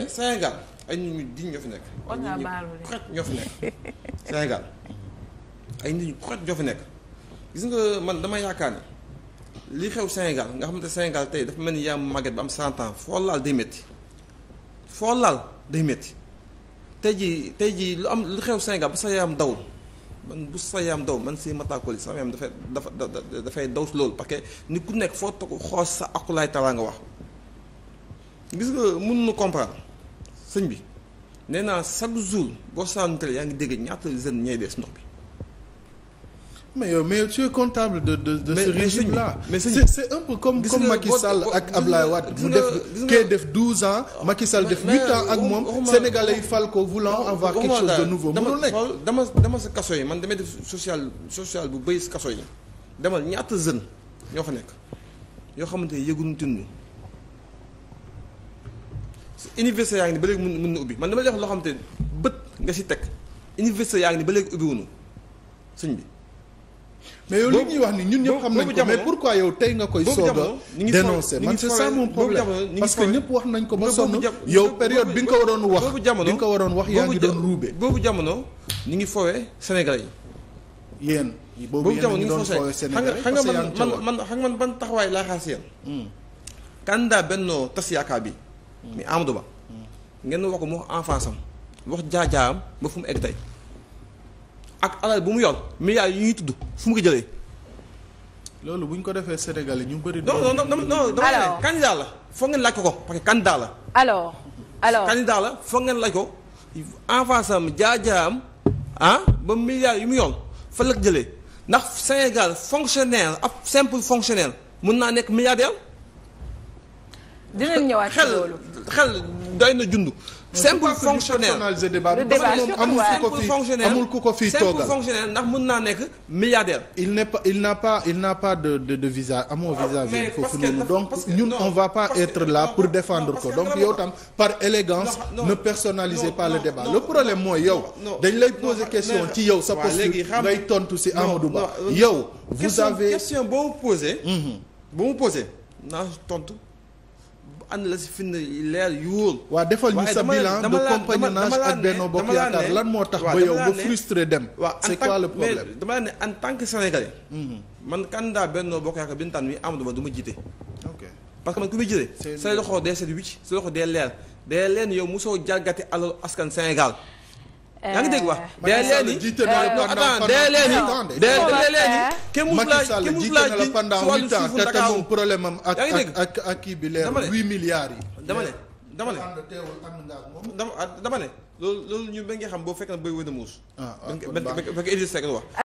seen Sénégal ay nit ñu diñ ñoo fi nekk. on a baalu correct ñoo fi nekk Sénégal ay nit ñu correct ñoo fi nekk. gis nga man dama yaakaar ne li xew Sénégal nga xam xamante Sénégal tey dafa mel ni yaa màgget ba am 100 ans foo laal day métti foo laal day metti tey jii tey jii lu am lu xew Sénégal ba sa yaram dawul man bu sa yaram daw man si mataakoli sama yaram dafay dafa dafay daw si loolu parce que ni ku nekk foo toog xoos sa akulaay talaa nga wax gis nga mën nu comprendre. sëñ bi nee naa chaque jour boo centre yaa ngi dégg ñaata jeunes ñooy des ndox bi. mais yow mais tu es comptable de de de mais, ce régime là mais c'est c'est un comme comme ah, Macky Sall ak Ablaye Wade mu def kee def 12 ans Macky Sall def 8 ans ak moom sénégalais yi fal ko voulant avoir quelque chose de nouveau mënul nekk dama dama sa kaso yi man damay def social social bu bëy kaso yi demal ñaata jeune ñoo fa nekk yoo xamante ne yëguñu tund université yaa ngi ni ba léegi mun mun na ubbi man dama lay wax loo xam te bët nga si teg université yaa ngi ni ba léegi ubbi wunu sëñ bi mais yow li ñuy wax ni ñun ñëpp xam nañ ko mais pourquoi yow tey nga koy soog a dénoncer man c'est ça mon problème parce que ñëpp wax nañ ko ba sonn yow période bi nga ko waroon wax bi nga ko waroon wax yaa ngi doon ruube boobu jamono ñu ngi foowee Sénégal yi yéen boobu jamono ñu ngi foowee Sénégal xam nga man man man xam nga ban taxawaay laa xaar si yéen candidat hmm. Benno Tas Yaakaar bi mais Amadou Ba. ngeen wax ko mu wax enfance am wax jaajaam ba fu mu egg tey ak alal bu mu yor milliards yi ñuy tudd fu mu ko jëlee. loolu bu ñu ko defee Sénégal yi ñu bëri. non non non non dama ne candidat la foog ngeen laaj ko ko parce que candidat la. alors alors candidat la foog ngeen laaj ko enfance am jaajaam ah ba milliards yu mu yor fa la jëlee ndax Sénégal fonctionnaire ab simple fonctionnaire mun naa nekk milliardaire. dinañ ñëwaat ci loolu xel xel doy na jundu simple fonctionnaire amul ku ko fi toogal simple fonctionnaire ndax mën naa nekk milliardaire. il n'est pas il n'a pas il n'a pas de de de visa amoo ah, visa bi foofu noonu donc ñun on va pas être là pour défendre ko donc yow tam par élégance ne personnalisez pas le débat le problème mooy yow dañ lay poser question ci yow sa posture ngay tontu si Amadou Ba euh, yow vous avez question boo mu posé mhm. boo mu posé tontu bu ànd la si fi leer yu waa waaw defal ñu sa bilan de compagnonnage ak Benno Bokk Yaakaar lan moo tax. ba yow ba frustré dem. waaw c'est quoi le problème dama ne en tant que sénégalais. Mm-hmm. man candidat Benno Bokk Yaakaar bi ñu tànn mi Amadou Ba du ma jiite. ok parce que man ku muy jiite. say loxo dee set wicc say loxo dee leer dee leen yow musoo jalgati alalu askan Sénégal. yaa ngi dégg wax eh. dee leen ni attends eh, dee leen ni dee leen ni camouflage camouflage bi si wàllu suufu Ndakaaru problème ak ak ak kii bi leer huit milliards yi dama ne dama ne dama ah, dama ne loolu loolu ñu ba nga xam boo fekk na booy wënda muus ah, ah, ba nga Idrissa Seck wax